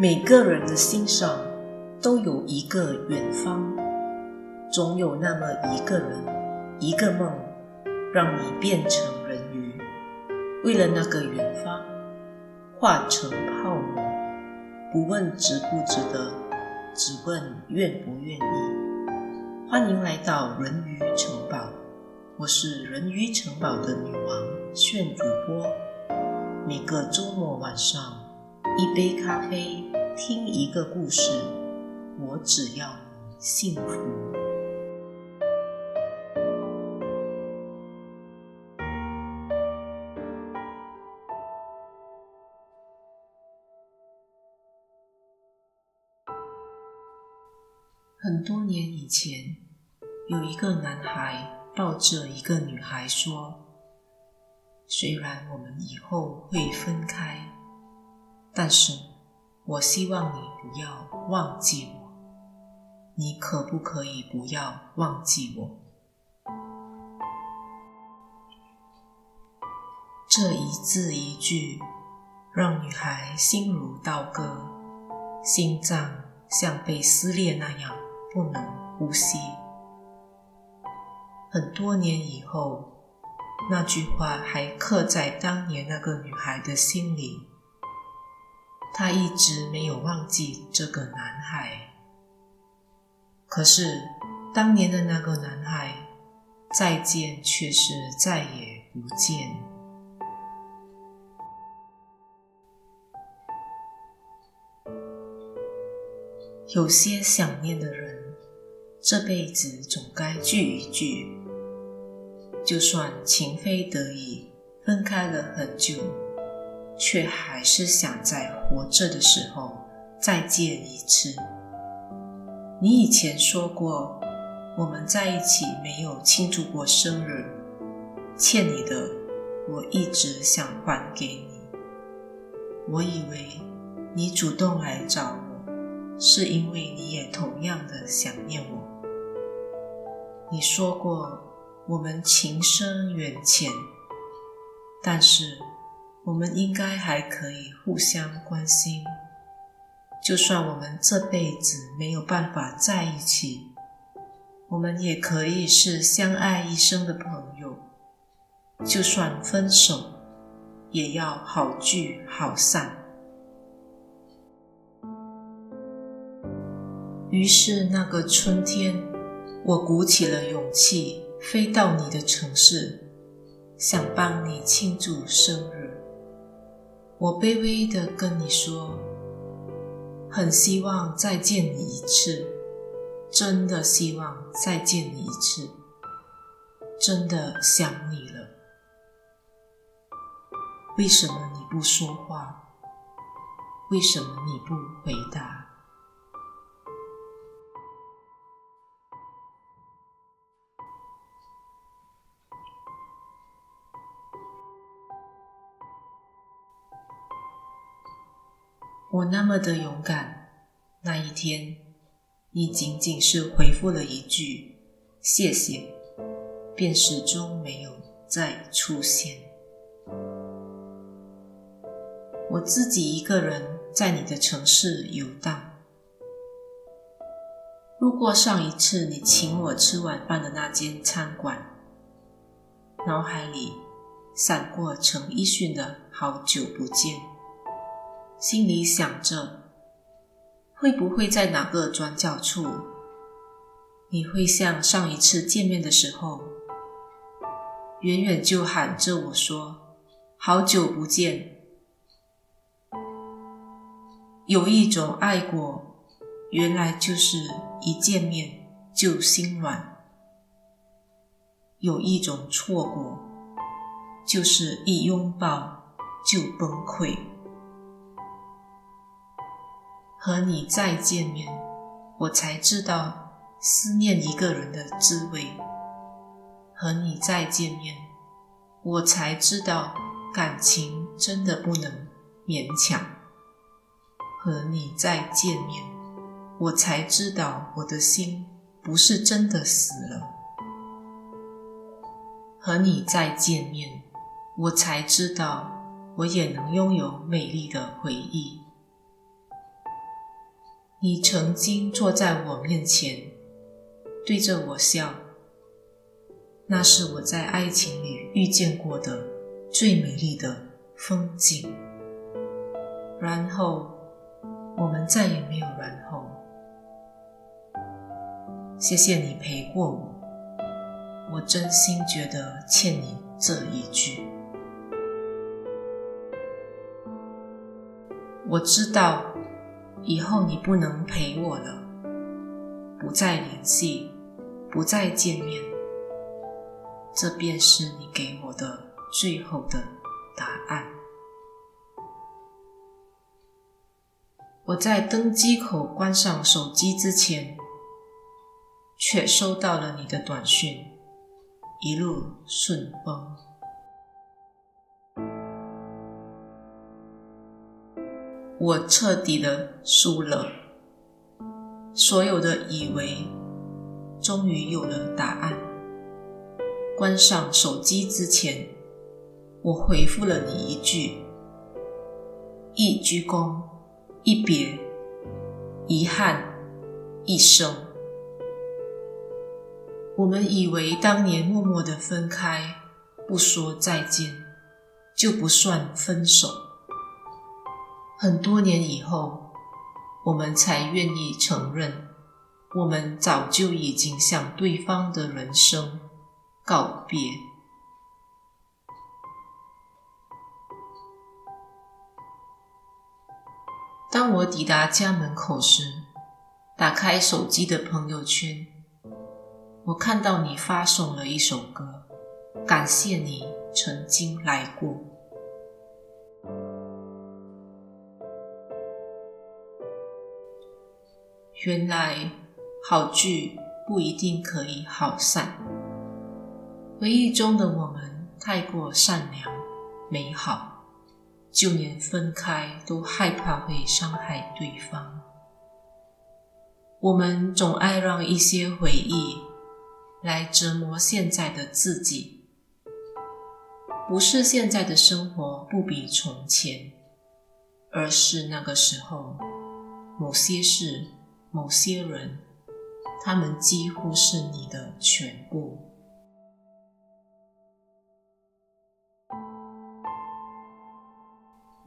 每個人的心上都有一個遠方，總有那麼一個人、一個夢，讓你變成人魚。為了那個遠方，化成泡沫，不問值不值得，只問願不願意。歡迎來到人魚城堡，我是人魚城堡的女王炫主播。每個周末晚上。一杯咖啡，聽一個故事。我只要幸福。很多年以前，有一個男孩抱着一個女孩說：“雖然我們以後會分開，”但是，我希望你不要忘記我，你可不可以不要忘記我？這一字一句，讓女孩心如刀割，心臟像被撕裂那樣不能呼吸。很多年以後，那句話還刻在當年那個女孩的心裡。他一直沒有忘記這個男孩，可是當年的那個男孩，再見卻是再也不見。有些想念的人，這輩子總該聚一聚，就算情非得已，分開了很久，卻還是想在活着的時候再見一次。你以前說過，我們在一起沒有慶祝過生日，欠你的，我一直想還給你。我以為你主動來找我，是因為你也同樣的想念我。你說過，我們情深緣淺，但是。我們應該還可以互相關心，就算我們這輩子沒有辦法在一起，我們也可以是相愛一生的朋友。就算分手，也要好聚好散。於是那個春天，我鼓起了勇氣，飛到你的城市，想幫你慶祝生日。我卑微地跟你說，很希望再見你一次，真的希望再見你一次，真的想你了。為什麼你不說話？為什麼你不回答？我那麼的勇敢，那一天，你僅僅是回復了一句“謝謝”，便始終沒有再出現。我自己一個人在你的城市遊蕩，路過上一次你請我吃晚飯的那間餐館，腦海裡閃過陳奕迅的“好久不見”。心裡想着，會不會在哪個轉角處，你會像上一次見面的時候，遠遠就喊着我說：“好久不見。”有一種愛過，原來就是一見面就心軟；有一種錯過，就是一擁抱就崩潰。和你再見面，我才知道思念一個人的滋味。和你再見面，我才知道感情真的不能勉強。和你再見面，我才知道我的心不是真的死了。和你再見面，我才知道我也能擁有美麗的回憶。你曾經坐在我面前，對着我笑，那是我在愛情裡遇見過的最美麗的風景。然後，我們再也沒有然後。謝謝你陪過我，我真心覺得欠你這一句。我知道。以後你不能陪我了，不再聯繫，不再見面，這便是你給我的最後的答案。我在登機口關上手機之前，卻收到了你的短訊，一路順風。我徹底的輸了，所有的以為，終於有了答案。關上手機之前，我回復了你一句：一鞠躬，一別，遺憾，一生。我們以為當年默默的分開，不說再見，就不算分手。很多年以後，我們才願意承認，我們早就已經向對方的人生告別。當我抵達家門口時，打開手機的朋友圈，我看到你發送了一首歌，感謝你曾經來過。原來好聚不一定可以好散。回憶中的我們太過善良、美好，就連分開都害怕會傷害對方。我們總愛讓一些回憶來折磨現在的自己。不是現在的生活不比從前，而是那個時候某些事。某些人，他們幾乎是你的全部。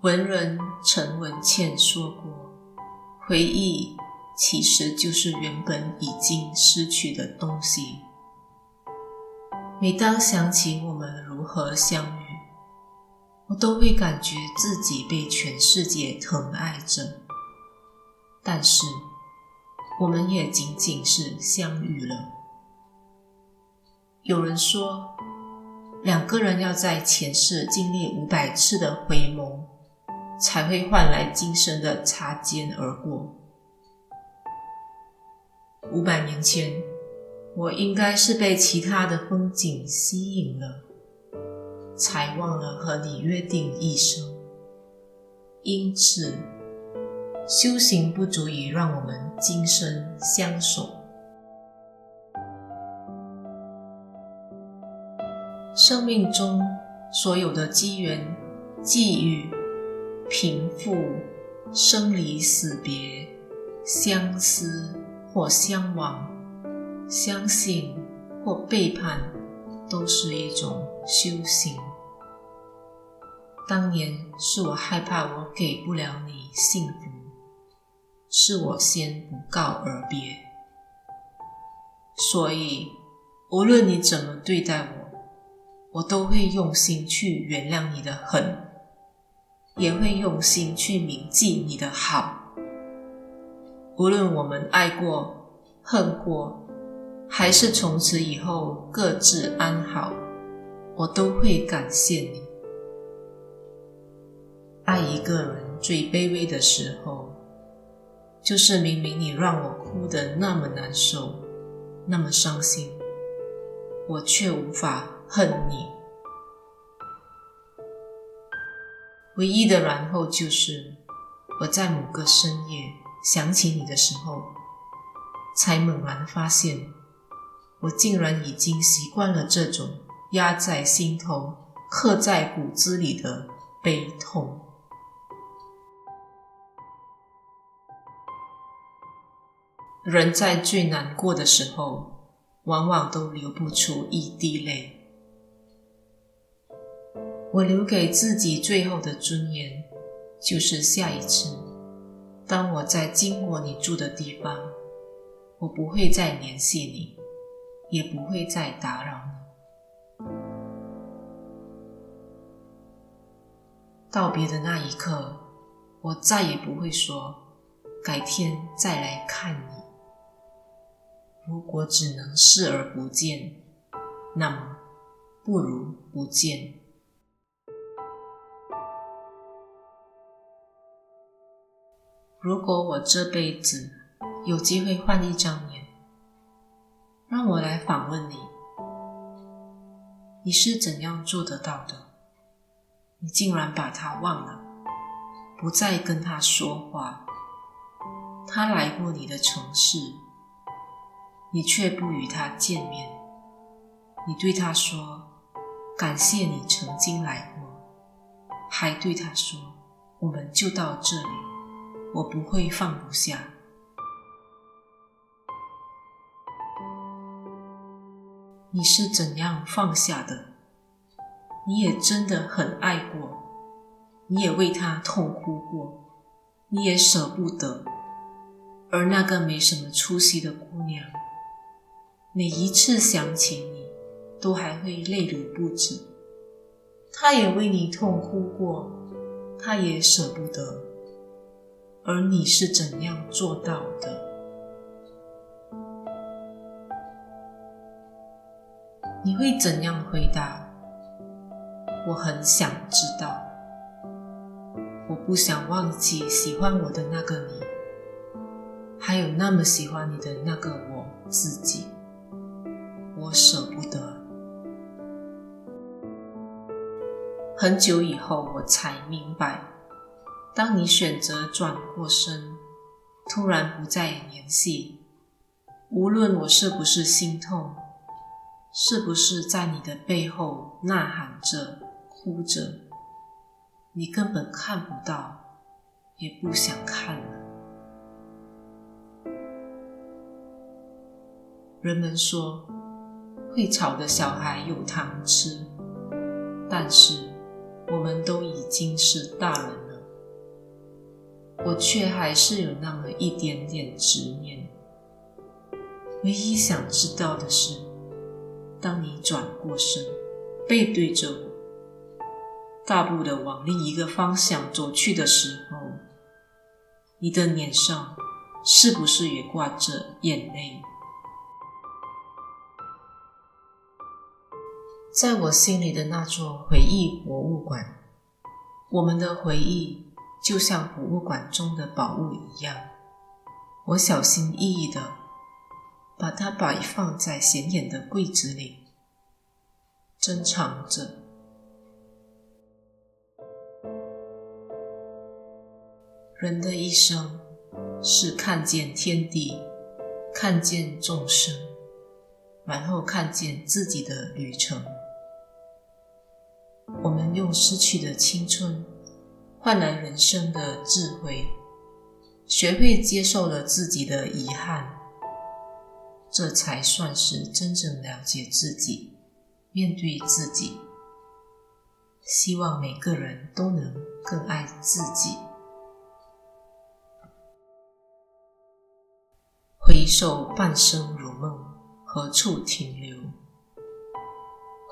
文人陳文茜說過：“回憶其實就是原本已經失去的東西。”每當想起我們如何相遇，我都會感覺自己被全世界疼愛着，但是。我們也僅僅是相遇了。有人說，兩個人要在前世經歷五百次的回眸，才會換來今生的擦肩而過。五百年前，我應該是被其他的風景吸引了，才忘了和你約定一生。因此，修行不足以讓我們今生相守。生命中所有的機緣、際遇、貧富、生離死別、相思或相忘、相信或背叛，都是一種修行。當年是我害怕，我給不了你幸福。是我先不告而別，所以無論你怎麼對待我，我都會用心去原諒你的恨，也會用心去銘記你的好。無論我們愛過、恨過，還是從此以後各自安好，我都會感謝你。愛一個人最卑微的時候。就是明明你讓我哭得那麼難受，那麼傷心，我卻無法恨你。唯一的然後就是，我在某個深夜想起你的時候，才猛然發現，我竟然已經習慣了這種壓在心頭、刻在骨子裡的悲痛。人在最難過的時候，往往都流不出一滴淚。我留給自己最後的尊嚴，就是下一次，當我再經過你住的地方，我不會再聯繫你，也不會再打擾你。道別的那一刻，我再也不會說“改天再來看你”。如果只能視而不見，那麼不如不見。如果我這輩子有機會換一張臉，讓我來訪問你：你是怎樣做得到的？你竟然把他忘了，不再跟他說話。他來過你的城市。你卻不與他見面，你對他說：“感謝你曾經來過。”還對他說：“我們就到這裡，我不會放不下。”你是怎樣放下的？你也真的很愛過，你也為他痛哭過，你也捨不得。而那個沒什麼出息的姑娘。每一次想起你，都還會淚流不止。他也為你痛哭過，他也捨不得，而你是怎樣做到的？你會怎樣回答？我很想知道。我不想忘記喜歡我的那個你，還有那麼喜歡你的那個我自己。我捨不得。很久以後，我才明白，當你選擇轉過身，突然不再聯繫，無論我是不是心痛，是不是在你的背後吶喊着、哭着，你根本看不到，也不想看了。人們說，會吵的小孩有糖吃，但是我們都已經是大人了。我卻還是有那麼一點點執念。唯一想知道的是，當你轉過身，背對着我，大步的往另一個方向走去的時候，你的臉上是不是也掛着眼淚？在我心裡的那座回憶博物館，我們的回憶就像博物館中的寶物一樣，我小心翼翼地把它擺放在顯眼的櫃子裡，珍藏着。人的一生是看見天地，看見眾生，然後看見自己的旅程。我們用失去的青春換來人生的智慧，學會接受了自己的遺憾，這才算是真正了解自己、面對自己。希望每個人都能更愛自己。回首半生如夢，何處停留？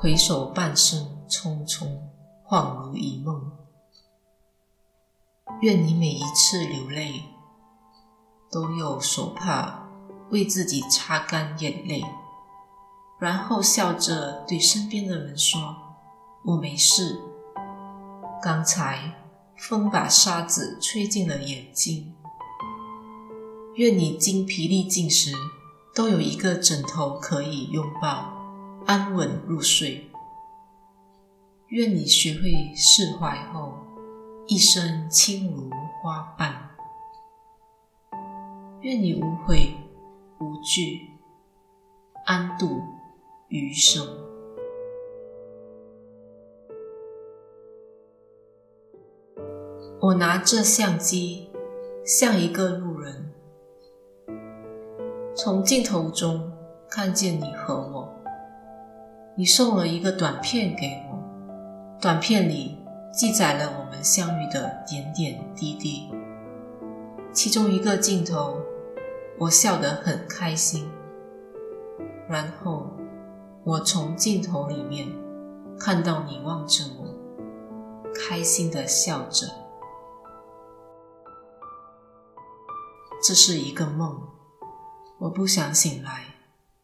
回首半生。匆匆，恍如一夢。願你每一次流淚，都有手帕為自己擦乾眼淚，然後笑着對身邊的人說：“我沒事。”剛才風把沙子吹進了眼睛。願你精疲力盡時，都有一個枕頭可以擁抱，安穩入睡。願你學會釋懷後，一生輕如花瓣。願你無悔無懼，安度餘生。我拿着相機，像一個路人，從鏡頭中看見你和我。你送了一個短片給我。短片裡記載了我們相遇的點點滴滴。其中一個鏡頭，我笑得很開心。然後，我從鏡頭裡面看到你望着我，開心地笑着。這是一個夢，我不想醒來，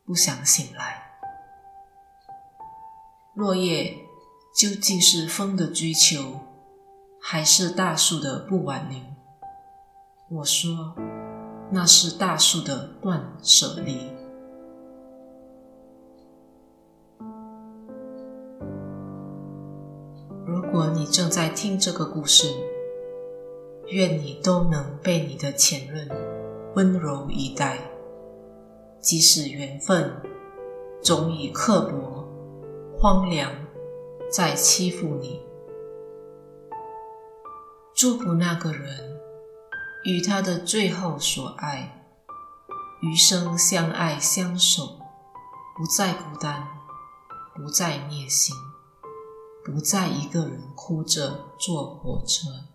不想醒來。落葉。究竟是風的追求，還是大樹的不挽留？我說，那是大樹的斷捨離。如果你正在聽這個故事，願你都能被你的前任溫柔以待，即使緣分總以刻薄、荒涼，在欺負你，祝福那個人與他的最後所愛，餘生相愛相守，不再孤單，不再虐心，不再一個人哭着坐火車。